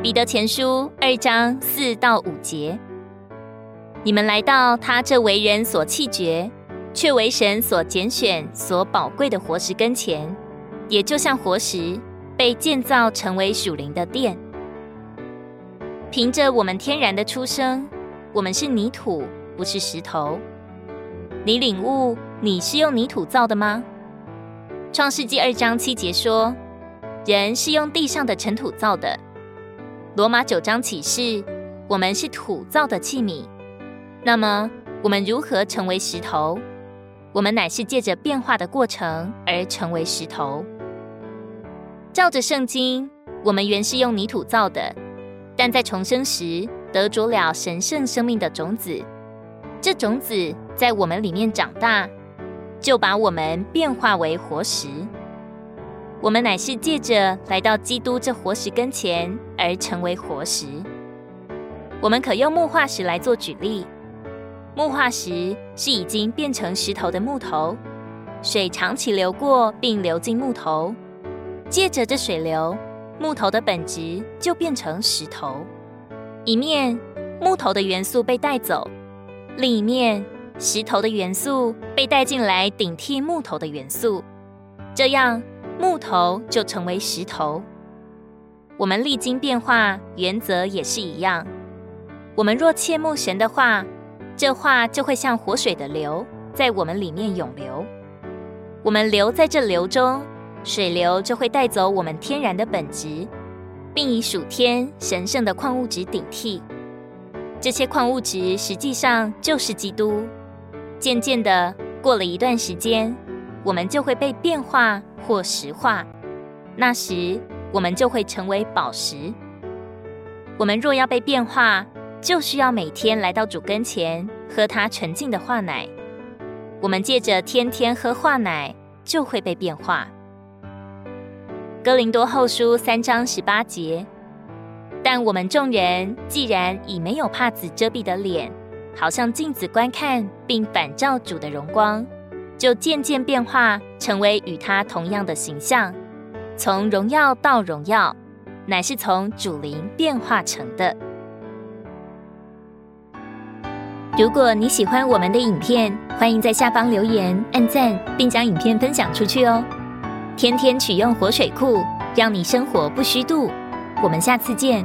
彼得前書二章四到五節，你們來到他這為人所棄絕，卻為神所揀選、所寶貴的活石跟前，也就像活石被建造成為屬靈的殿。憑着我們天然的出生，我們是泥土，不是石頭。你領悟你是用泥土造的嗎？創世記二章七節說，人是用地上的塵土造的。羅馬九章啟示，我們是土造的器皿。那麼，我們如何成為石頭？我們乃是借着變化的過程而成為石頭。照着聖經，我們原是用泥土造的，但在重生時得着了神聖生命的種子。這種子在我們裡面長大，就把我們變化為活石。我們乃是借着來到基督這活石跟前而成為活石。我們可用木化石來做舉例。木化石是已經變成石頭的木頭。水長期流過並流進木頭，借着這水流，木頭的本質就變成石頭。一面木頭的元素被帶走，另一面石頭的元素被帶進來頂替木頭的元素，這樣，木頭就成為石頭。我們歷經變化，原則也是一樣。我們若切慕神的話，這話就會像活水的流，在我們裡面湧流。我們流在這流中，水流就會帶走我們天然的本質，並以屬天神聖的礦物質頂替。這些礦物質實際上就是基督。漸漸的，過了一段時間，我們就會被變化。或石化，那時我們就會成為寶石。我們若要被變化，就需要每天來到主跟前，喝他純淨的話奶。我們借着天天喝話奶，就會被變化。哥林多後書三章十八節，但我們眾人既然以沒有帕子遮蔽的臉，好像鏡子觀看，並反照主的榮光。就漸漸變化成為與他同樣的形像，從榮耀到榮耀，乃是從主靈變化成的。如果你喜歡我們的影片，歡迎在下方留言、按讚，並將影片分享出去哦。天天取用活水庫，讓你生活不虛度。我們下次見。